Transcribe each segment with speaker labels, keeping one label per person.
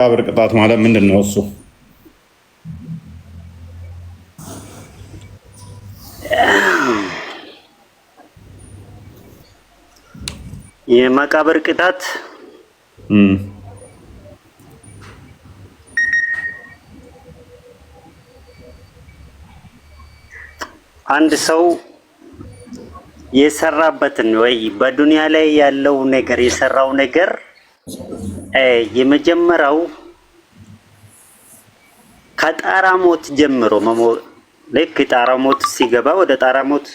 Speaker 1: መቃብር ቅጣት ማለት ምንድን ነው? እሱ
Speaker 2: የመቃብር ቅጣት አንድ ሰው የሰራበትን ወይ በዱንያ ላይ ያለው ነገር የሰራው ነገር የመጀመሪያው ከጣራ ሞት ጀምሮ ልክ ጣራ ሞት ሲገባ ወደ ጣራ ሞት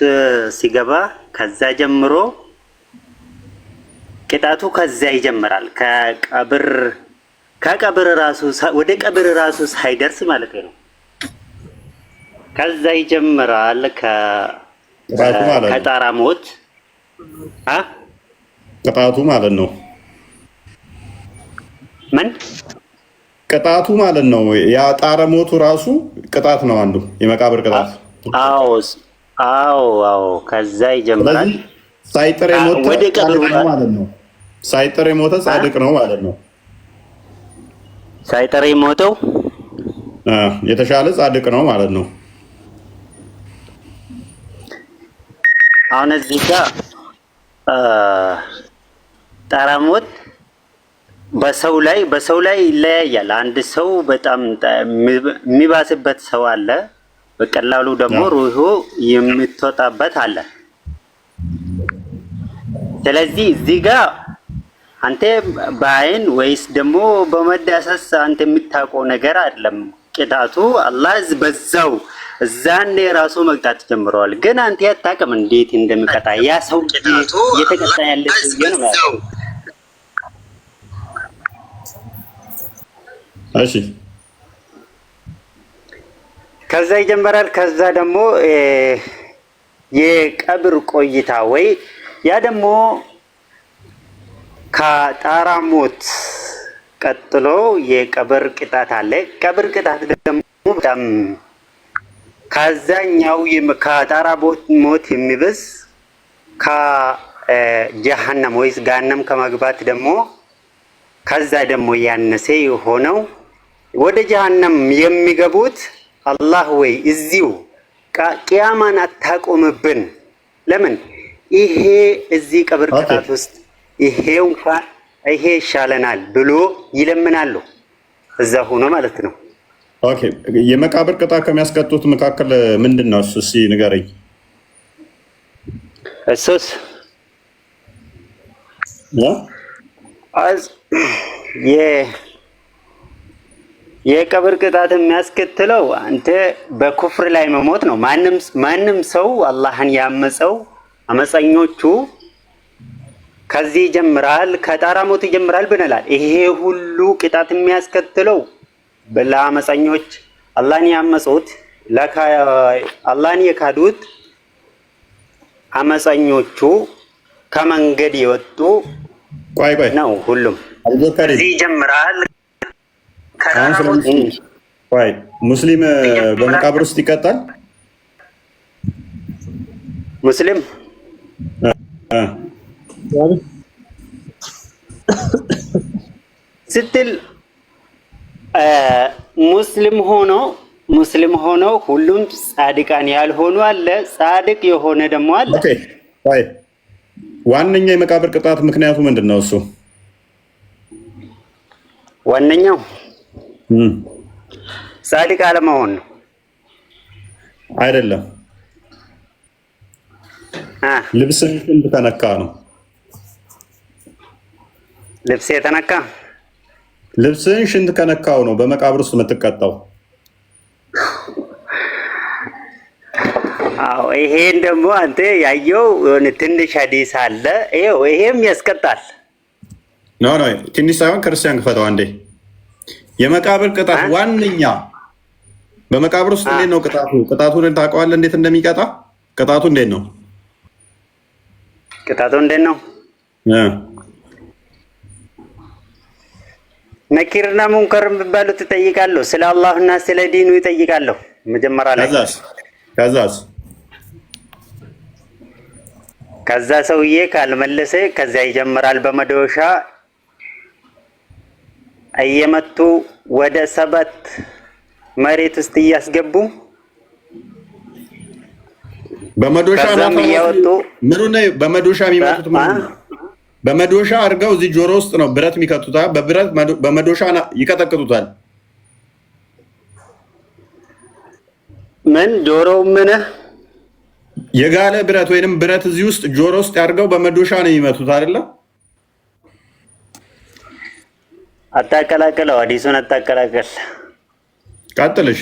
Speaker 2: ሲገባ ከዛ ጀምሮ ቅጣቱ ከዛ ይጀምራል። ከቀብር ከቀብር ራሱ ወደ ቀብር ራሱ ሳይደርስ ማለት ነው። ከዛ ይጀምራል ከጣራ ሞት
Speaker 1: ቅጣቱ ማለት ነው። ምን ቅጣቱ ማለት ነው? ያ ጣረ ሞቱ ራሱ ቅጣት ነው፣ አንዱ የመቃብር ቅጣት።
Speaker 2: አዎ አዎ አዎ፣ ከዛ ይጀምራል።
Speaker 1: ሳይጥር የሞተ ማለት ነው። ሳይጥር የሞተ ጻድቅ ነው ማለት ነው።
Speaker 2: ሳይጥር የሞተው
Speaker 1: የተሻለ ጻድቅ ነው ማለት ነው።
Speaker 2: አሁን እዚህ ጋር ጣረ በሰው ላይ በሰው ላይ ይለያያል። አንድ ሰው በጣም የሚባስበት ሰው አለ፣ በቀላሉ ደግሞ ሩሁ የምትወጣበት አለ። ስለዚህ እዚህ ጋር አንተ በአይን ወይስ ደግሞ በመዳሰስ አንተ የምታውቀው ነገር አይደለም። ቅጣቱ አላህ በዛው እዛኔ ራሱ መቅጣት ጀምረዋል። ግን አንተ አታውቅም እንዴት እንደሚቀጣ ያ ሰው እየተቀጣ ያለ ሰው ነው እሺ ከዛ ይጀምራል። ከዛ ደግሞ የቀብር ቆይታ ወይ ያ ደግሞ ከጣራ ሞት ቀጥሎ የቀብር ቅጣት አለ። ቀብር ቅጣት ደግሞ በጣም ከዛኛው ከጣራ ሞት የሚብስ ከጀሃነም ወይስ ጋነም ከመግባት ደግሞ ከዛ ደግሞ ያነሰ የሆነው ወደ ጀሃነም የሚገቡት አላህ ወይ እዚሁ ቅያማን አታቆምብን። ለምን ይሄ እዚህ ቀብር ቅጣት ውስጥ ይሄው እንኳን ይሄ ይሻለናል ብሎ ይለምናሉ። እዛ ሆኖ ማለት ነው።
Speaker 1: ኦኬ የመቃብር ቅጣት ከሚያስቀጡት መካከል ምንድን ነው እሱ? እስኪ ንገረኝ።
Speaker 2: እሱስ የ የቀብር ቅጣት የሚያስከትለው አንተ በኩፍር ላይ መሞት ነው። ማንም ሰው አላህን ያመፀው አመፀኞቹ ከዚህ ይጀምራል፣ ከጣራ ሞት ይጀምራል ብንላል። ይሄ ሁሉ ቅጣት የሚያስከትለው ለአመፀኞች አላህን ያመፁት አላህን የካዱት አመፀኞቹ ከመንገድ የወጡ ነው። ሁሉም ከዚህ ይጀምራል።
Speaker 1: ሙስሊም በመቃብር ውስጥ ይቀጣል።
Speaker 2: ሙስሊም ስትል ሙስሊም ሆኖ ሙስሊም ሆኖ ሁሉም ጻድቃን ያልሆኑ አለ፣ ጻድቅ የሆነ ደግሞ አለ።
Speaker 1: ዋነኛ የመቃብር ቅጣት ምክንያቱ ምንድን ነው? እሱ
Speaker 2: ዋነኛው ጻድቅ አለመሆን ነው
Speaker 1: አይደለም። ልብስ ልብስህን ተነካ ነው።
Speaker 2: ልብስ የተነካ
Speaker 1: ልብስህን ሽንት ከነካው ነው በመቃብር ውስጥ የምትቀጣው።
Speaker 2: አዎ፣ ይሄን ደግሞ አንተ ያየው ትንሽ ሐዲስ አለ። ይሄው ይሄም ያስቀጣል።
Speaker 1: ኖ ኖ፣ ትንሽ ሳይሆን ክርስቲያን ክፈተው አንዴ የመቃብር ቅጣት ዋነኛ በመቃብር ውስጥ እንዴት ነው ቅጣቱ? ቅጣቱን ታውቀዋለህ? እንዴት እንደሚቀጣ ቅጣቱ እንዴት ነው?
Speaker 2: ቅጣቱ እንዴት ነው? ነኪርና ሙንከር የሚባሉት ትጠይቃለሁ። ስለ አላህና ስለ ዲኑ ይጠይቃለሁ። መጀመሪያ ላይ ከዛስ ከዛ ሰውዬ ካልመለሰ ከዛ ይጀምራል በመዶሻ እየመቱ ወደ ሰበት መሬት ውስጥ እያስገቡ
Speaker 1: በመዶሻ እያወጡ ምኑ ነው በመዶሻ የሚመቱት? በመዶሻ አድርገው እዚህ ጆሮ ውስጥ ነው ብረት የሚከቱታ። በብረት በመዶሻ ይቀጠቅጡታል።
Speaker 2: ምን ጆሮው ምን
Speaker 1: የጋለ ብረት ወይንም ብረት እዚህ ውስጥ ጆሮ ውስጥ ያድርገው በመዶሻ ነው የሚመቱት አይደለም
Speaker 2: አታቀላቅለው፣ አዲሱን አታቀላቅል። ቀጥል። እሺ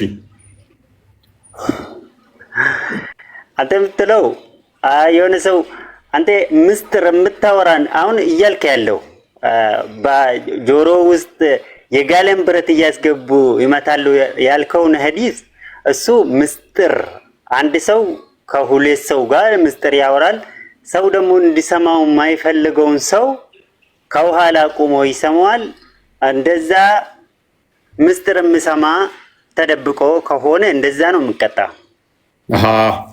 Speaker 2: አንተ የምትለው የሆነ ሰው አንተ ምስጢር የምታወራን አሁን እያልክ ያለው በጆሮ ውስጥ የጋለን ብረት እያስገቡ ይመታሉ ያልከውን ሐዲስ እሱ ምስጢር፣ አንድ ሰው ከሁለት ሰው ጋር ምስጢር ያወራል። ሰው ደግሞ እንዲሰማው የማይፈልገውን ሰው ከኋላ ቁሞ ይሰማዋል። እንደዛ ምስጢር የምሰማ ተደብቆ ከሆነ እንደዛ ነው የምቀጣ።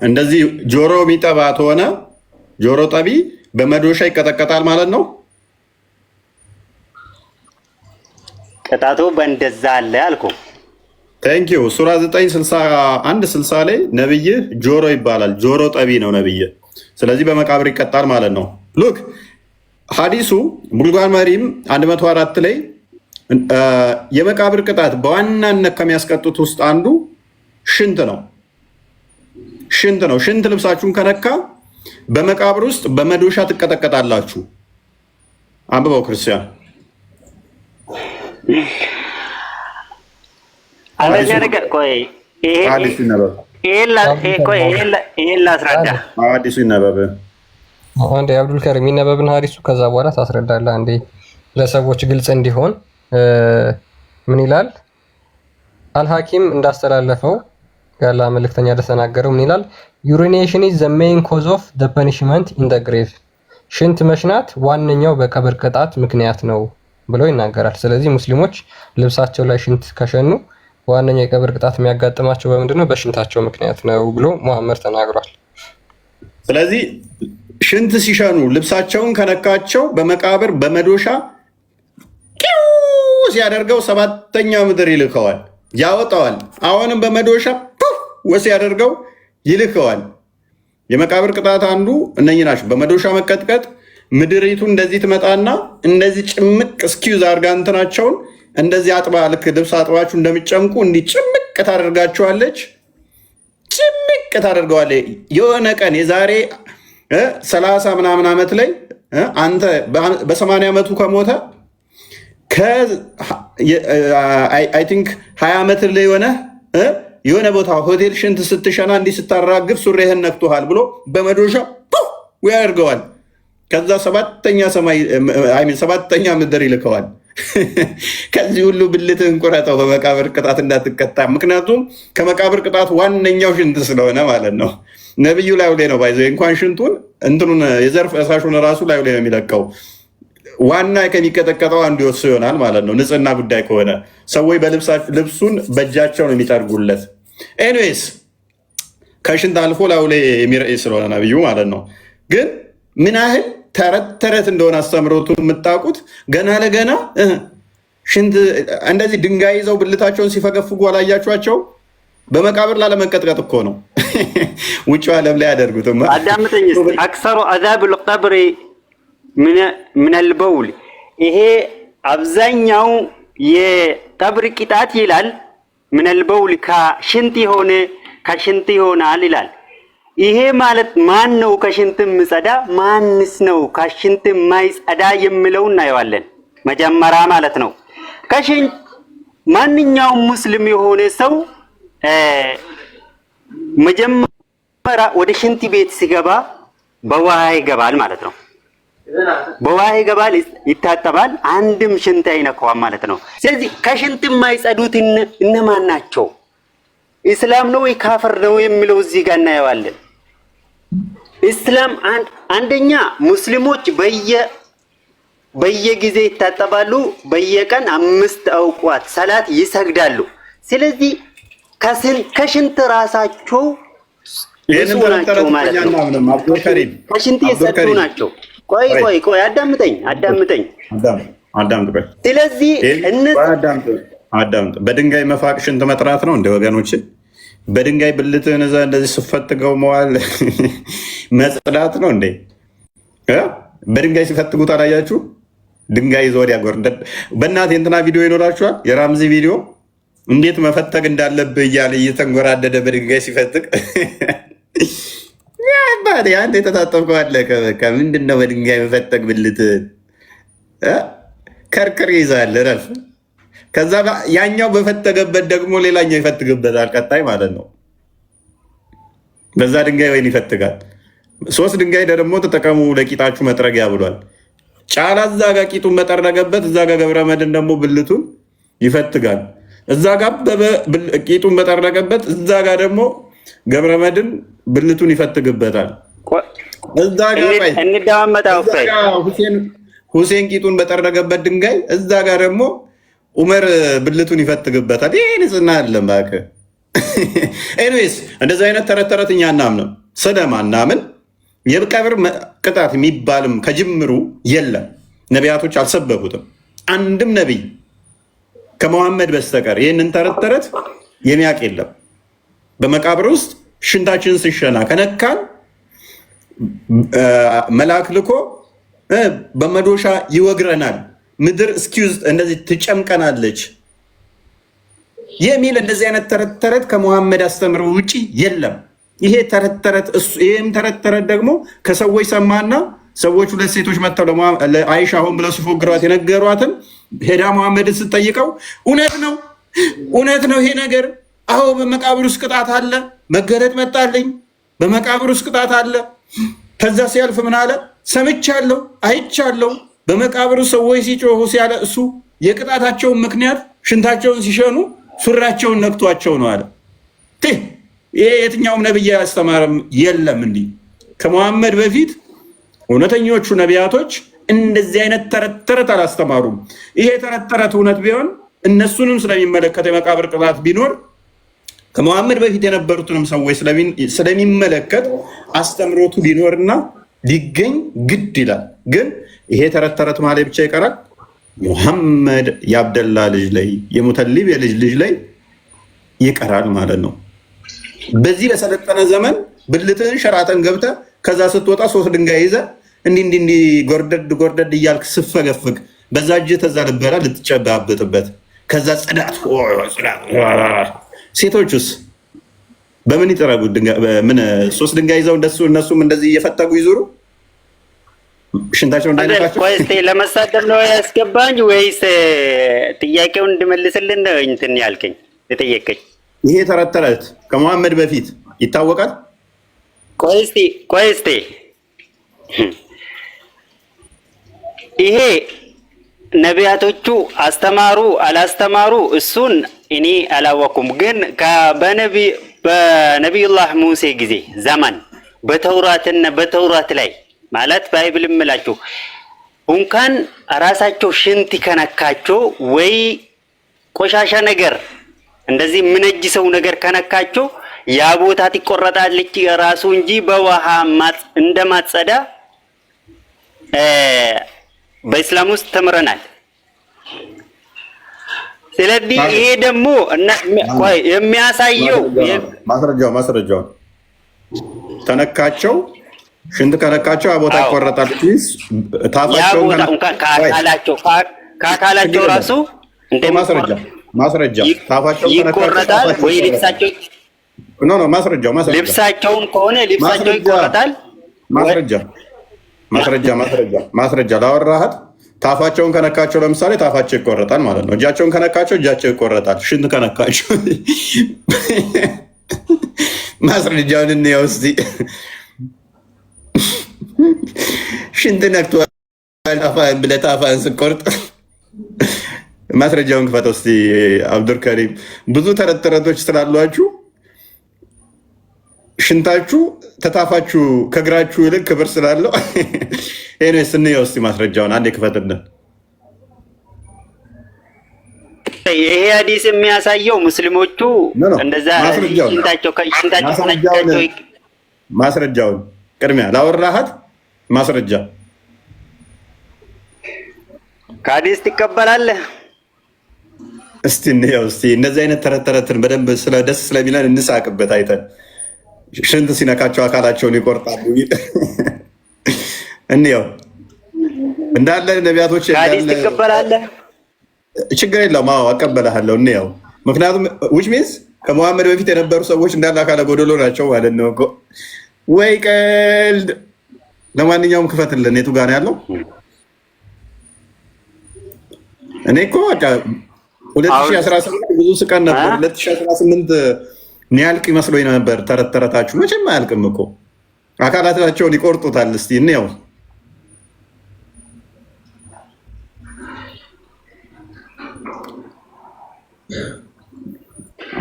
Speaker 1: እንደዚህ ጆሮ የሚጠባ ከሆነ ጆሮ ጠቢ በመዶሻ ይቀጠቀጣል ማለት ነው።
Speaker 2: ቅጣቱ በእንደዛ አለ አልኩ።
Speaker 1: ቴንኪው ሱራ 9 61 60 ላይ ነብይ ጆሮ ይባላል። ጆሮ ጠቢ ነው ነብይ። ስለዚህ በመቃብር ይቀጣል ማለት ነው። ሉክ ሀዲሱ ቡልጓን መሪም 104 ላይ የመቃብር ቅጣት በዋናነት ከሚያስቀጡት ውስጥ አንዱ ሽንት ነው። ሽንት ነው። ሽንት ልብሳችሁን ከነካ በመቃብር ውስጥ በመዶሻ ትቀጠቀጣላችሁ። አንብበው ክርስቲያን።
Speaker 2: አረኛ ነገር ቆይ
Speaker 1: ይሄን ላስረዳ። አዲሱ ይነበብ
Speaker 3: አንዴ አብዱልከሪም ይነበብን ሀዲሱ። ከዛ በኋላ ታስረዳለህ አንዴ ለሰዎች ግልጽ እንዲሆን ምን ይላል? አልሐኪም እንዳስተላለፈው ያለ መልእክተኛ እንደተናገረው ምን ይላል? ዩሪኔሽን ኢዝ ዘ ሜን ኮዝ ኦፍ ዘ ፐኒሽመንት ኢን ዘ ግሬቭ ሽንት መሽናት ዋነኛው በቀብር ቅጣት ምክንያት ነው ብሎ ይናገራል። ስለዚህ ሙስሊሞች ልብሳቸው ላይ ሽንት ከሸኑ ዋነኛው የቀብር ቅጣት የሚያጋጥማቸው በምንድን ነው? በሽንታቸው ምክንያት ነው ብሎ መሐመድ ተናግሯል።
Speaker 1: ስለዚህ ሽንት ሲሸኑ ልብሳቸውን ከነካቸው በመቃብር በመዶሻ ሲያደርገው ሰባተኛ ምድር ይልከዋል፣ ያወጣዋል። አሁንም በመዶሻ ወስ ያደርገው ይልከዋል። የመቃብር ቅጣት አንዱ እነኝ ናቸው። በመዶሻ መቀጥቀጥ፣ ምድሪቱ እንደዚህ ትመጣና እንደዚህ ጭምቅ እስኪዩዝ አድርጋ እንትናቸውን እንደዚህ አጥባ፣ ልክ ልብስ አጥባችሁ እንደሚጨምቁ እንዲህ ጭምቅ ታደርጋችኋለች። ጭምቅ ታደርገዋለች። የሆነ ቀን የዛሬ ሰላሳ ምናምን ዓመት ላይ አንተ በሰማንያ ዓመቱ ከሞተ አይ ቲንክ ሀያ ሜትር ላይ የሆነ የሆነ ቦታ ሆቴል ሽንት ስትሸና እንዲህ ስታራግፍ ሱሬህን ነክቶሃል ብሎ በመዶሻ ያደርገዋል። ከዛ ሰባተኛ ምድር ይልከዋል። ከዚህ ሁሉ ብልትህን ቁረጠው በመቃብር ቅጣት እንዳትቀጣ። ምክንያቱም ከመቃብር ቅጣት ዋነኛው ሽንት ስለሆነ ማለት ነው። ነቢዩ ላይ ላይ ነው ባይዘ እንኳን ሽንቱን እንትኑን የዘርፍ እሳሹን ራሱ ላዩ ላይ ነው የሚለቀው ዋና ከሚቀጠቀጠው አንዱ የወሱ ይሆናል ማለት ነው። ንጽህና ጉዳይ ከሆነ ሰዎች ልብሱን በእጃቸው ነው የሚጠርጉለት። ኤኒዌይስ ከሽንት አልፎ ላዩ ላይ ስለሆነ ነብዩ ማለት ነው። ግን ምን ያህል ተረት ተረት እንደሆነ አስተምሮቱ የምታውቁት ገና ለገና ሽንት እንደዚህ ድንጋይ ይዘው ብልታቸውን ሲፈገፍጉ አላያችኋቸው? በመቃብር ላለመቀጥቀጥ እኮ ነው። ውጭ ዓለም ላይ ያደርጉትማ።
Speaker 2: አክሰሩ አዛብ ልቀብሪ ምነል በውል ይሄ አብዛኛው የጠብር ቂጣት ይላል። ምነል በውል ከሽንት የሆነ ከሽንት ይሆናል ይላል። ይሄ ማለት ማን ነው ከሽንት ምጸዳ፣ ማንስ ነው ከሽንት ማይጸዳ የሚለው እናየዋለን። መጀመሪያ ማለት ነው ከሽንት ማንኛውም ሙስሊም የሆነ ሰው መጀመሪያ ወደ ሽንት ቤት ሲገባ በውሃ ይገባል ማለት ነው። በውሃ ይገባል፣ ይታጠባል፣ አንድም ሽንት አይነካዋም ማለት ነው። ስለዚህ ከሽንት የማይጸዱት እነማን ናቸው? ኢስላም ነው ወይ ካፍር ነው የሚለው እዚህ ጋር እናየዋለን። ኢስላም አንደኛ ሙስሊሞች በየ በየጊዜ ይታጠባሉ፣ በየቀን አምስት አውቋት ሰላት ይሰግዳሉ። ስለዚህ ከሽንት ራሳቸው
Speaker 1: ንጹህ ናቸው ማለት ነው።
Speaker 2: ከሽንት የጸዱ ናቸው። ቆይ ቆይ ቆይ አዳምጠኝ አዳምጠኝ አዳምጥ። ስለዚህ
Speaker 1: አዳምጥ። በድንጋይ መፋቅ ሽንት መጥራት ነው እንደ ወገኖች፣ በድንጋይ ብልትህን እዛ እንደዚህ ስፈትገው መዋል መጽዳት ነው እንዴ? በድንጋይ ሲፈትጉት አላያችሁ? ድንጋይ ይዞ ወዲያ ጎርደን። በእናትህ እንትና ቪዲዮ ይኖራችኋል፣ የራምዚ ቪዲዮ እንዴት መፈተግ እንዳለብህ እያለ እየተንጎራደደ በድንጋይ ሲፈትግ ያባሪ አንተ የተታጠብከው አለቀ። በቃ ምንድን ነው በድንጋይ መፈጠግ ብልት ከርክር ይዛል። ረፍ ከዛ ያኛው በፈጠገበት ደግሞ ሌላኛው ይፈትግበታል። ቀጣይ ማለት ነው። በዛ ድንጋይ ወይን ይፈትጋል። ሶስት ድንጋይ ደግሞ ተጠቀሙ ለቂጣችሁ መጥረጊያ ብሏል። ጫላ እዛ ጋ ቂጡን መጠረገበት፣ እዛ ጋ ገብረ መድን ደግሞ ብልቱን ይፈትጋል። እዛ ጋ ቂጡን መጠረገበት፣ እዛ ጋ ደግሞ ገብረመድን ብልቱን ይፈትግበታል። ሁሴን ቂጡን በጠረገበት ድንጋይ እዛ ጋር ደግሞ ኡመር ብልቱን ይፈትግበታል። ይህ ንጽህና አይደለም እባክህ። ኤኒዌይስ እንደዚህ አይነት ተረት ተረት እኛ አናምንም። ስለማናምን የቀብር ቅጣት የሚባልም ከጅምሩ የለም። ነቢያቶች አልሰበኩትም። አንድም ነቢይ ከመሐመድ በስተቀር ይህንን ተረት ተረት የሚያውቅ የለም። በመቃብር ውስጥ ሽንታችን ስሸና ከነካን መልአክ ልኮ በመዶሻ ይወግረናል። ምድር እስኪዝ እንደዚህ ትጨምቀናለች የሚል እንደዚህ አይነት ተረት ተረት ከመሐመድ አስተምሮ ውጪ የለም። ይሄ ተረት ተረት ይህም ተረት ተረት ደግሞ ከሰዎች ሰማና ሰዎች ሁለት ሴቶች መጥተው ለአይሻ ሆን ብለው ሲፎግሯት የነገሯትን ሄዳ መሐመድን ስጠይቀው እውነት ነው እውነት ነው ይሄ ነገር አሁ በመቃብር ውስጥ ቅጣት አለ መገለጥ መጣልኝ። በመቃብር ውስጥ ቅጣት አለ። ከዛ ሲያልፍ ምን አለ? ሰምቻለሁ፣ አይቻለሁ በመቃብር ሰዎች ሲጮሁ ሲያለ እሱ የቅጣታቸውን ምክንያት ሽንታቸውን ሲሸኑ ሱራቸውን ነክቷቸው ነው አለ። ይሄ የትኛውም ነቢይ ያስተማረም የለም። እንዲህ ከመሐመድ በፊት እውነተኞቹ ነቢያቶች እንደዚህ አይነት ተረት ተረት አላስተማሩም። ይሄ ተረት ተረት እውነት ቢሆን እነሱንም ስለሚመለከት የመቃብር ቅጣት ቢኖር ከመሐመድ በፊት የነበሩትንም ሰዎች ስለሚመለከት አስተምሮቱ ሊኖርና ሊገኝ ግድ ይላል። ግን ይሄ ተረት ተረት ማለት ብቻ ይቀራል። ሙሐመድ የአብደላ ልጅ ላይ የሙተሊብ የልጅ ልጅ ላይ ይቀራል ማለት ነው። በዚህ በሰለጠነ ዘመን ብልትህን ሸራተን ገብተ ከዛ ስትወጣ ሶስት ድንጋይ ይዘ እንዲ እንዲ እንዲ ጎርደድ ጎርደድ እያልክ ስፈገፍግ በዛ እጅ ተዛ ልበላ ልትጨባብጥበት ከዛ ጽዳት ሴቶቹስ በምን ይጠረጉ? ምን ሶስት ድንጋይ ይዘው እንደሱ እነሱም እንደዚህ እየፈጠጉ ይዙሩ ሽንታቸው
Speaker 2: እንዳይነቃቸው። ለመሳደብ ነው ያስገባኝ ወይስ ጥያቄው እንድመልስልን ነው እንትን ያልከኝ የጠየቀኝ?
Speaker 1: ይሄ ተረት ተረት ከመሐመድ በፊት ይታወቃል።
Speaker 2: ቆይስቲ ቆይስቲ ይሄ ነቢያቶቹ አስተማሩ አላስተማሩ እሱን እኔ አላወቅኩም። ግን በነቢዩላህ ሙሴ ጊዜ ዘመን በተውራትና በተውራት ላይ ማለት ባይብል ምላችሁ እንኳን ራሳቸው ሽንት ከነካቸው ወይ ቆሻሻ ነገር እንደዚህ ሰው ነገር ከነካቸው ያ ቦታ ትቆረጣለች ራሱ እንጂ በውሃ እንደማጸዳ በእስላም ውስጥ ተምረናል። ስለዚህ ይሄ ደግሞ የሚያሳየው
Speaker 1: ማስረጃው ማስረጃው ተነካቸው ሽንት ከነካቸው አቦታ ይቆረጣል።
Speaker 2: ታፋቸው ከአካላቸው ከአካላቸው ራሱ
Speaker 1: ማስረጃ ማስረጃ
Speaker 2: ታፋቸው ይቆረጣል ወይ ልብሳቸው
Speaker 1: ኖ ኖ ማስረጃው
Speaker 2: ማስረጃ ልብሳቸውም ከሆነ ልብሳቸው ይቆረጣል።
Speaker 1: ማስረጃ ማስረጃ ማስረጃ ማስረጃ ላወራሃት ታፋቸውን ከነካቸው ለምሳሌ ታፋቸው ይቆረጣል ማለት ነው። እጃቸውን ከነካቸው እጃቸው ይቆረጣል። ሽንት ከነካቸው ማስረጃውን እንየው እስኪ። ሽንት ነክቷል ብለህ ታፋህን ስቆርጥ ማስረጃውን ክፈተው እስኪ። አብዱልከሪም ብዙ ተረት ተረቶች ስላሏችሁ ሽንታችሁ ተጣፋችሁ ከእግራችሁ ይልቅ ክብር ስላለው ይህ ነው። ስንየው እስኪ ማስረጃውን አንድ የክፈትልን።
Speaker 2: ይሄ ሀዲስ የሚያሳየው ሙስሊሞቹ
Speaker 1: ማስረጃውን ቅድሚያ ላወራሃት ማስረጃ
Speaker 2: ከሀዲስ ትቀበላለህ።
Speaker 1: እስቲ እንየው። እስቲ እነዚህ አይነት ተረት ተረትን በደንብ ደስ ስለሚለን እንሳቅበት አይተን ሽንት ሲነካቸው አካላቸውን ይቆርጣሉ። እንየው እንዳለ ነቢያቶች
Speaker 2: ትቀበላለህ?
Speaker 1: ችግር የለውም። አዎ አቀበላለሁ። እንየው ምክንያቱም ዊች ሚንስ ከመሐመድ በፊት የነበሩ ሰዎች እንዳለ አካለ ጎደሎ ናቸው ማለት ነው። ወይ ቀልድ። ለማንኛውም ክፈትልን። የቱ ጋር ያለው? እኔ እኮ 2018 ብዙ ስቀን ነበር። 2018 ኒያልቅ ይመስሎ ነበር። ተረት ተረታችሁ መቼም አያልቅም እኮ አካላታቸውን ይቆርጡታል። እስቲ እንየው።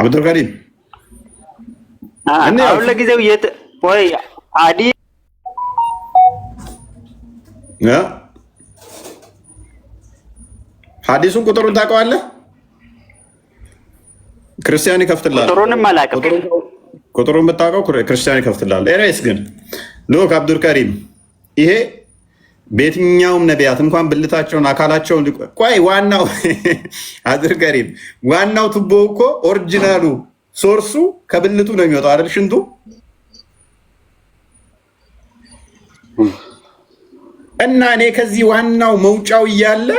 Speaker 1: አብዱልቀዲም
Speaker 2: አሁን ለጊዜው የት ወይ አዲ
Speaker 1: ሀዲሱን ቁጥሩን ታውቀዋለህ? ክርስቲያን ይከፍትላል።
Speaker 2: ቁጥሩንም አላውቅም፣
Speaker 1: ቁጥሩን ብታውቀው ክርስቲያን ይከፍትላል። ኤሬስ ግን ሎክ አብዱልከሪም ይሄ በየትኛውም ነቢያት እንኳን ብልታቸውን አካላቸውን ቆይ ዋናው አብዱልከሪም ዋናው ቱቦ እኮ ኦሪጂናሉ ሶርሱ ከብልቱ ነው የሚወጣው አይደል? ሽንቱ እና እኔ ከዚህ ዋናው መውጫው እያለ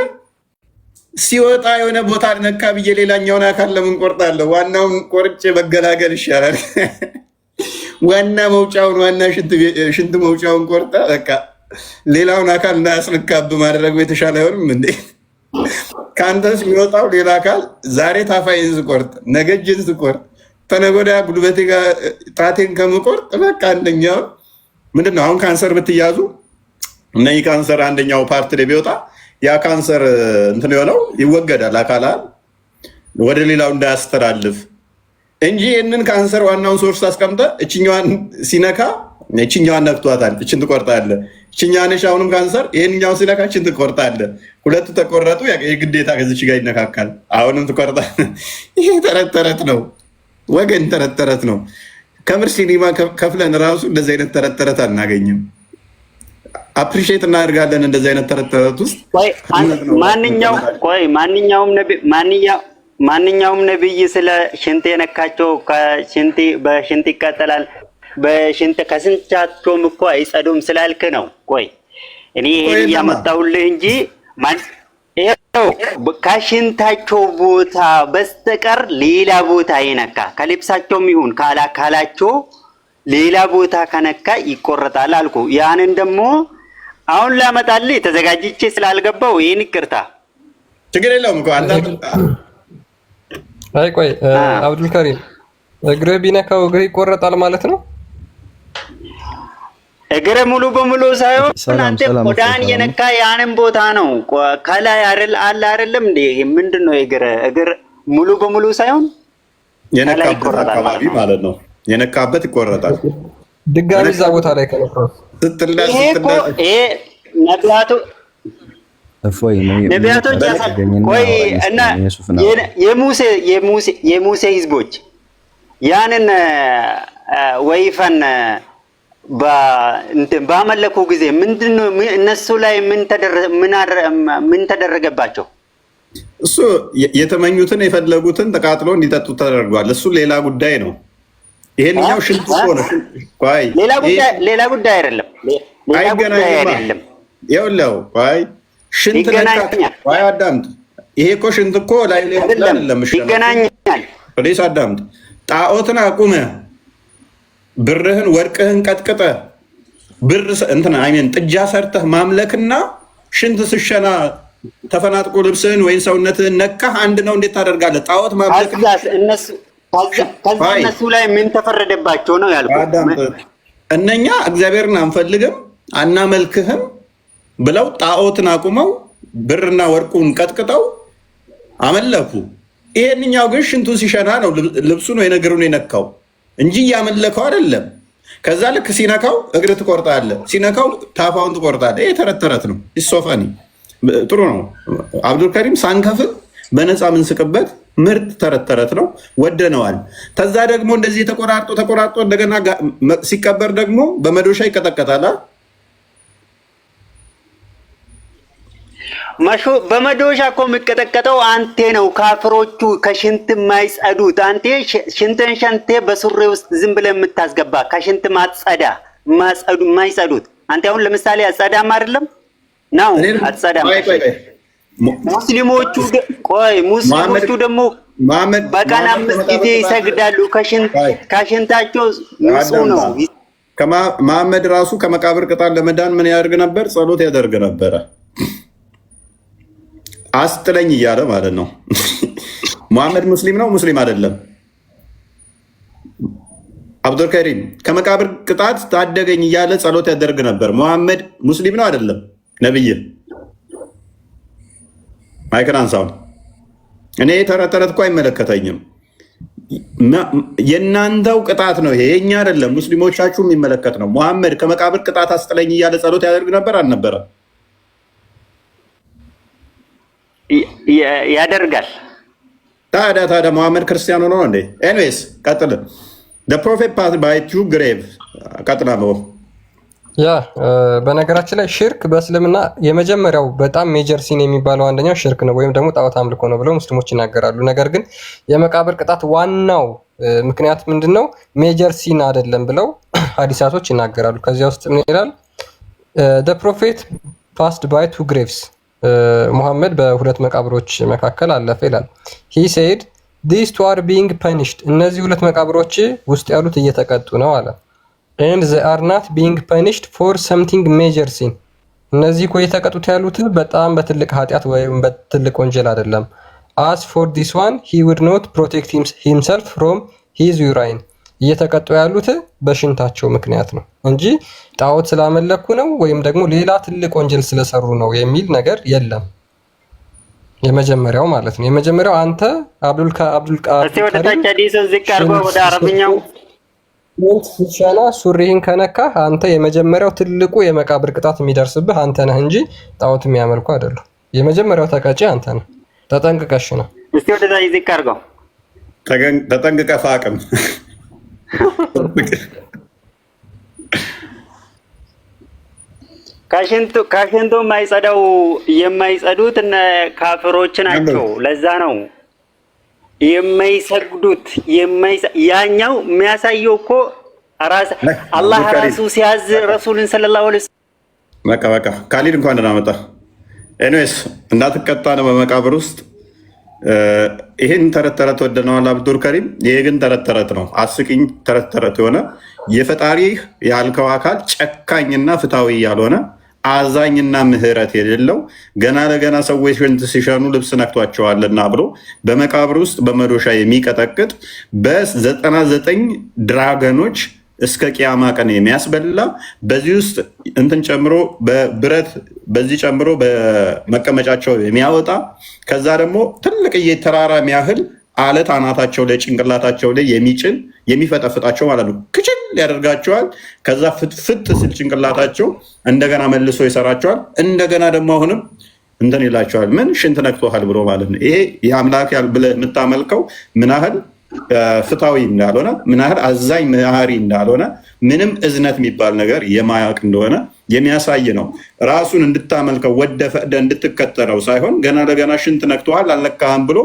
Speaker 1: ሲወጣ የሆነ ቦታ ነካ ብዬ ሌላኛውን አካል ለምን ቆርጣለሁ? ዋናውን ቆርጬ መገላገል ይሻላል። ዋና መውጫውን ዋና ሽንት መውጫውን ቆርጣ በቃ ሌላውን አካል እንዳያስነካብ ማድረጉ የተሻለ አይሆንም እንዴ? ከአንተስ የሚወጣው ሌላ አካል ዛሬ ታፋይን ስቆርጥ፣ ነገ እጅን ስቆርጥ፣ ተነገ ጉልበቴ ጋር ጣቴን ከምቆርጥ በቃ አንደኛው ምንድነው አሁን ካንሰር ብትያዙ እነዚህ ካንሰር አንደኛው ፓርት ላይ ቢወጣ ያ ካንሰር እንትን የሆነው ይወገዳል አካላል ወደ ሌላው እንዳያስተላልፍ እንጂ ይህንን ካንሰር ዋናውን ሶርስ አስቀምጠ እችኛዋን ሲነካ እችኛዋን ነክቷታል፣ እችን ትቆርጣለህ። እችኛዋነሽ አሁንም ካንሰር ይህንኛውን ሲነካ እችን ትቆርጣለህ። ሁለቱ ተቆረጡ፣ የግዴታ ከዚች ጋር ይነካካል። አሁንም ትቆርጣ። ይህ ተረት ተረት ነው ወገን፣ ተረት ተረት ነው። ከምር ሲኒማ ከፍለን ራሱ እንደዚህ አይነት ተረት ተረት አናገኝም። አፕሪሼት እናደርጋለን። እንደዚህ አይነት ተረት ተረት ውስጥ
Speaker 2: ማንኛውም ነብይ ስለ ሽንት የነካቸው ከሽንት በሽንት ይቀጠላል በሽንት ከሽንታቸውም እኮ አይጸዱም ስላልክ ነው። ቆይ እኔ ይሄን እያመጣሁልህ እንጂ ከሽንታቸው ቦታ በስተቀር ሌላ ቦታ ይነካ ከልብሳቸውም ይሁን ካላካላቸው ሌላ ቦታ ከነካ ይቆረጣል አልኩ። ያንን ደግሞ አሁን ላመጣልህ ተዘጋጅቼ ስላልገባው ይህን ይቅርታ።
Speaker 1: ችግር የለውም
Speaker 3: አይ ቆይ አብዱልከሪም እግርህ ቢነካው እግር ይቆረጣል ማለት ነው?
Speaker 2: እግርህ ሙሉ በሙሉ ሳይሆን አንተ ቆዳን የነካ ያንን ቦታ ነው ከላይ አይደል አለ አይደለም እንዴ? ምንድን ነው እግር እግር ሙሉ በሙሉ ሳይሆን
Speaker 1: የነካበት አካባቢ ማለት ነው። የነካበት ይቆረጣል።
Speaker 3: ድጋሚ እዛ ቦታ ላይ ከነካ
Speaker 2: የሙሴ ህዝቦች ያንን ወይፈን ባመለኩ ጊዜ እነሱ ላይ ምን ተደረገባቸው?
Speaker 1: እሱ የተመኙትን የፈለጉትን ተቃጥሎ እንዲጠጡ ተደርጓል። እሱ ሌላ ጉዳይ ነው። ይሄንኛው ሽንት
Speaker 2: ሌላ ጉዳይ አይደለም።
Speaker 1: አይገናኝም። ይኸውልህ አይ ሽንት አይ አዳምጥ። ይሄ እኮ ሽንት እኮ ላይ አይደለም።
Speaker 2: ይገናኛል።
Speaker 1: ፕሊስ አዳምጥ። ጣዖትን አቁመ፣ ብርህን ወርቅህን ቀጥቅጠ፣ ብር እንትን አይሜን ጥጃ ሰርተህ ማምለክና ሽንት ስሸና ተፈናጥቆ ልብስህን ወይም ሰውነትህን ነካህ አንድ ነው። እንዴት ታደርጋለህ? ጣዖት ማምለክ
Speaker 2: እነሱ ላይ ምን ተፈረደባቸው ነው ያልኩት።
Speaker 1: እነኛ እግዚአብሔርን አንፈልግም አናመልክህም ብለው ጣዖትን አቁመው ብርና ወርቁን ቀጥቅጠው አመለኩ። ይሄንኛው ግን ሽንቱ ሲሸና ነው ልብሱን ወይ ነገሩን የነካው እንጂ እያመለከው አይደለም። ከዛ ልክ ሲነካው እግር ትቆርጣለህ፣ ሲነካው ታፋውን ትቆርጣለህ። ይሄ ተረት ተረት ነው። ይሶፈኒ ጥሩ ነው። አብዱልከሪም ሳንከፍል በነፃ ምንስቅበት ምርጥ ተረት ተረት ነው፣ ወደነዋል። ከዛ ደግሞ እንደዚህ ተቆራርጦ ተቆራርጦ እንደገና ሲቀበር ደግሞ በመዶሻ ይቀጠቀጣል።
Speaker 2: በመዶሻ እኮ የሚቀጠቀጠው አንቴ ነው። ካፍሮቹ ከሽንት የማይጸዱት አንቴ ሽንትን ሸንቴ በሱሪ ውስጥ ዝም ብለን የምታስገባ ከሽንት ማጸዳ የማይጸዱት አንቴ። አሁን ለምሳሌ አጸዳም አይደለም ነው አጸዳም ሙስሊሞቹ ቆይ ሙስሊሞቹ ደግሞ በቀን አምስት ጊዜ ይሰግዳሉ። ከሽንታቸው ንጹህ
Speaker 1: ነው። መሐመድ ራሱ ከመቃብር ቅጣት ለመዳን ምን ያደርግ ነበር? ጸሎት ያደርግ ነበረ። አስጥለኝ እያለ ማለት ነው። መሐመድ ሙስሊም ነው ሙስሊም አይደለም? አብዱልከሪም ከመቃብር ቅጣት ታደገኝ እያለ ጸሎት ያደርግ ነበር። መሐመድ ሙስሊም ነው አይደለም? ነብይ ማይክን አንሳውን። እኔ ተረት ተረት እኮ አይመለከተኝም። የእናንተው ቅጣት ነው ይሄ፣ የእኛ አይደለም። ሙስሊሞቻችሁ የሚመለከት ነው። መሐመድ ከመቃብር ቅጣት አስጥለኝ እያለ ጸሎት ያደርግ ነበር አልነበረ? ያደርጋል። ታዲያ ታዲያ መሐመድ ክርስቲያን ሆኖ ነው እንዴ? ኤንዌስ ቀጥል። ፕሮፌት ፓስ ባይ ቱ ግሬቭ ቀጥላ ነው
Speaker 3: ያ በነገራችን ላይ ሽርክ በእስልምና የመጀመሪያው በጣም ሜጀር ሲን የሚባለው አንደኛው ሽርክ ነው ወይም ደግሞ ጣዖት አምልኮ ነው ብለው ሙስሊሞች ይናገራሉ። ነገር ግን የመቃብር ቅጣት ዋናው ምክንያት ምንድን ነው? ሜጀር ሲን አይደለም ብለው ሀዲሳቶች ይናገራሉ። ከዚያ ውስጥ ምን ይላል? ፕሮፌት ፓስድ ባይ ቱ ግሬቭስ ሙሐመድ በሁለት መቃብሮች መካከል አለፈ ይላል። ሂ ሴድ ዲስ ቱ አር ቢንግ ፐኒሽድ እነዚህ ሁለት መቃብሮች ውስጥ ያሉት እየተቀጡ ነው አለ። ኤንድ ዘ አር ናት ቢንግ ፐኒሽድ ፎር ሰምቲንግ ሜጀር ሲን። እነዚህ እኮ የተቀጡት ያሉት በጣም በትልቅ ኃጢአት ወይም በትልቅ ወንጀል አይደለም። አስ ፎር ዲስ ዋን ሂ ውድ ኖት ፕሮቴክት ሂምሰልፍ ፍሮም ሂዝ ዩራይን እየተቀጡ ያሉት በሽንታቸው ምክንያት ነው እንጂ ጣዖት ስላመለኩ ነው ወይም ደግሞ ሌላ ትልቅ ወንጀል ስለሰሩ ነው የሚል ነገር የለም። የመጀመሪያው ማለት ነው። የመጀመሪያው አንተ አብዱል ፓንት ሻና ሱሪህን ከነካ አንተ የመጀመሪያው ትልቁ የመቃብር ቅጣት የሚደርስብህ አንተ ነህ እንጂ ጣዖት የሚያመልኩ አይደሉም። የመጀመሪያው ተቀጪ አንተ ነህ። ተጠንቅቀሽ ነው።
Speaker 2: እስቲ ወደዛ ይዚቅ አድርገው
Speaker 1: ተጠንቅቀ ፋቅም
Speaker 2: ከሽንቱ የማይጸዳው የማይጸዱት ካፍሮች ናቸው። ለዛ ነው የማይሰግዱት ያኛው የሚያሳየው እኮ አላህ ራሱ ሲያዝ ረሱልን ሰለላሁ ዐለይሂ ወሰለም
Speaker 1: በቃ በቃ ካሊድ እንኳን ደህና መጣ። ኤኒዌይስ እንዳትቀጣ ነው በመቃብር ውስጥ ይህን ተረት ተረት ወደነዋል አብዱር ከሪም። ይህ ግን ተረት ተረት ነው፣ አስቂኝ ተረት ተረት የሆነ የፈጣሪህ ያልከው አካል ጨካኝና ፍትሃዊ ያልሆነ አዛኝና ምሕረት የሌለው ገና ለገና ሰዎች ሲሸኑ ልብስ ነክቷቸዋልና ብሎ በመቃብር ውስጥ በመዶሻ የሚቀጠቅጥ በዘጠና ዘጠኝ ድራገኖች እስከ ቅያማ ቀን የሚያስበላ በዚህ ውስጥ እንትን ጨምሮ በብረት በዚህ ጨምሮ በመቀመጫቸው የሚያወጣ ከዛ ደግሞ ትልቅዬ እየተራራ የሚያህል አለት አናታቸው ላይ ጭንቅላታቸው ላይ የሚጭን የሚፈጠፍጣቸው ማለት ነው። ክችል ያደርጋቸዋል። ከዛ ፍጥፍጥ ስል ጭንቅላታቸው እንደገና መልሶ ይሰራቸዋል። እንደገና ደግሞ አሁንም እንትን ይላቸዋል። ምን ሽንት ነክቶሃል ብሎ ማለት ነው። ይሄ የአምላክ ብለህ የምታመልከው ምን ያህል ፍታዊ እንዳልሆነ፣ ምን ያህል አዛኝ መሀሪ እንዳልሆነ፣ ምንም እዝነት የሚባል ነገር የማያውቅ እንደሆነ የሚያሳይ ነው። ራሱን እንድታመልከው ወደ ፈቅደ እንድትከተለው ሳይሆን ገና ለገና ሽንት ነክተዋል አልነካህም ብሎ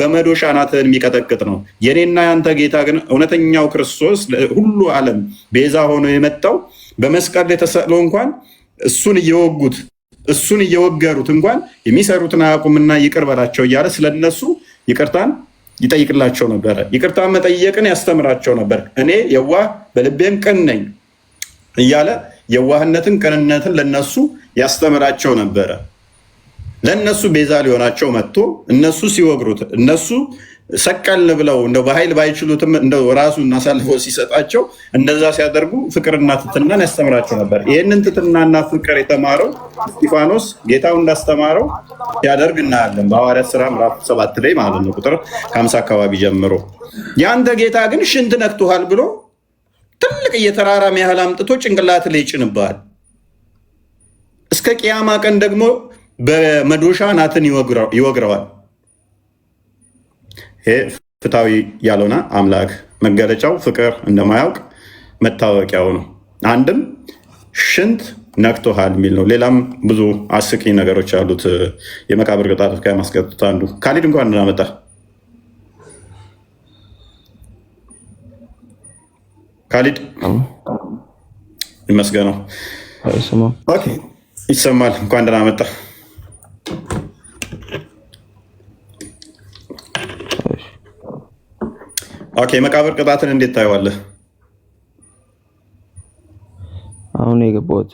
Speaker 1: በመዶሻ ናትህን የሚቀጠቅጥ ነው። የኔና ያንተ ጌታ ግን እውነተኛው ክርስቶስ ሁሉ ዓለም ቤዛ ሆኖ የመጣው በመስቀል ላይ ተሰቅሎ እንኳን እሱን እየወጉት እሱን እየወገሩት እንኳን የሚሰሩትን አያውቁምና ይቅር በላቸው እያለ ስለነሱ ይቅርታን ይጠይቅላቸው ነበረ። ይቅርታን መጠየቅን ያስተምራቸው ነበር። እኔ የዋህ በልቤም ቅን ነኝ እያለ የዋህነትን፣ ቅንነትን ለነሱ ያስተምራቸው ነበረ። ለነሱ ቤዛ ሊሆናቸው መጥቶ እነሱ ሲወግሩት እነሱ ሰቀል ብለው እንደው በኃይል ባይችሉትም እንደው ራሱን አሳልፎ ሲሰጣቸው እንደዛ ሲያደርጉ ፍቅርና ትትናን ያስተምራቸው ነበር። ይህንን ትትናና ፍቅር የተማረው እስጢፋኖስ ጌታው እንዳስተማረው ሲያደርግ እናያለን። በሐዋርያት ስራ ምዕራፍ ሰባት ላይ ማለት ነው ቁጥር ከሀምሳ አካባቢ ጀምሮ የአንተ ጌታ ግን ሽንት ነክቶሃል ብሎ ትልቅ እየተራራም ያህል አምጥቶ ጭንቅላት ላይ ይጭንብሃል። እስከ ቅያማ ቀን ደግሞ በመዶሻ ናትን ይወግረዋል። ፍታዊ ፍትሐዊ ያልሆነ አምላክ መገለጫው ፍቅር እንደማያውቅ መታወቂያው ነው። አንድም ሽንት ነክቶሃል የሚል ነው። ሌላም ብዙ አስቂኝ ነገሮች ያሉት የመቃብር ቅጣት ከማስቀጡት አንዱ ካሊድ እንኳን እናመጣ ካሊድ ይመስገነው ይሰማል። እንኳን ደህና መጣ። ኦኬ የመቃብር ቅጣትን እንዴት ታየዋለህ?
Speaker 3: አሁን የገባሁት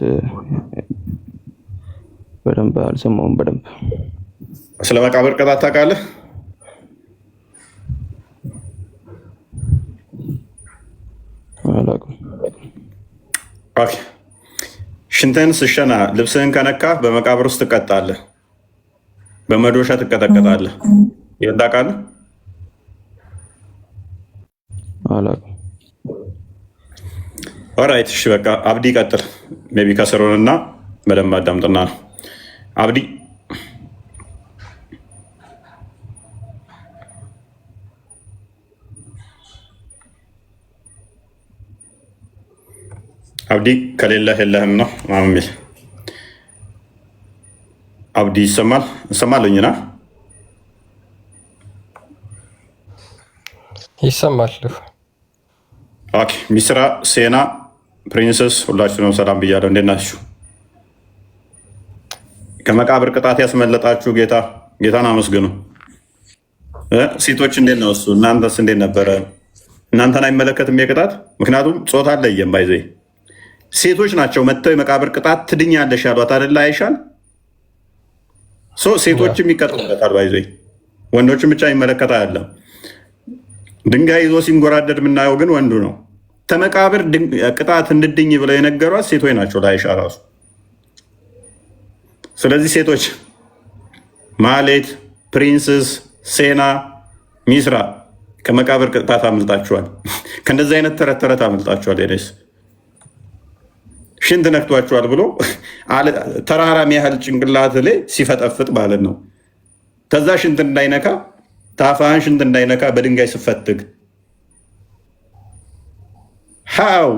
Speaker 3: በደንብ አልሰማሁም። በደንብ
Speaker 1: ስለ መቃብር ቅጣት ታውቃለህ? ሽንትህን ስሸና ልብስህን ከነካ በመቃብር ውስጥ ትቀጣለህ፣ በመዶሻ ትቀጠቀጣለህ። ይህን ታውቃለህ? አላውቅም። ኦራይት፣ እሺ በቃ አብዲ ቀጥል። ሜቢ ከስሩንና በደንብ አዳምጥና ነው አብዲ አብዲ ከሌለህ የለህም ነው ማሚል አብዲ ይሰማል ይሰማልኝና ይሰማል። ኦኬ ሚስራ ሴና ፕሪንሰስ ሁላችሁንም ሰላም ብያለሁ። እንዴት ናችሁ? ከመቃብር ቅጣት ያስመለጣችሁ ጌታ ጌታን አመስግኑ። ሴቶች እንዴት ነው እሱ? እናንተስ እንዴት ነበረ? እናንተን አይመለከትም የቅጣት ምክንያቱም ጾታ አለየም ባይዘይ ሴቶች ናቸው መጥተው የመቃብር ቅጣት ትድኛለሽ ያሏት አደላ አይሻል ሴቶች ይቀጥሉበታል። ባይዞ ወንዶችን ብቻ የሚመለከት አይደለም። ድንጋይ ይዞ ሲንጎራደድ የምናየው ግን ወንዱ ነው። ከመቃብር ቅጣት እንድድኝ ብለው የነገሯት ሴቶች ናቸው ለአይሻ ራሱ። ስለዚህ ሴቶች ማሌት፣ ፕሪንስስ፣ ሴና፣ ሚስራ ከመቃብር ቅጣት አምልጣችኋል። ከእንደዚህ አይነት ተረት ተረት አምልጣችኋል። ሽንት ነክቷቸዋል ብሎ ተራራም ያህል ጭንቅላት ላይ ሲፈጠፍጥ ማለት ነው። ከዛ ሽንት እንዳይነካ ታፋን ሽንት እንዳይነካ በድንጋይ ስፈትግ ሃው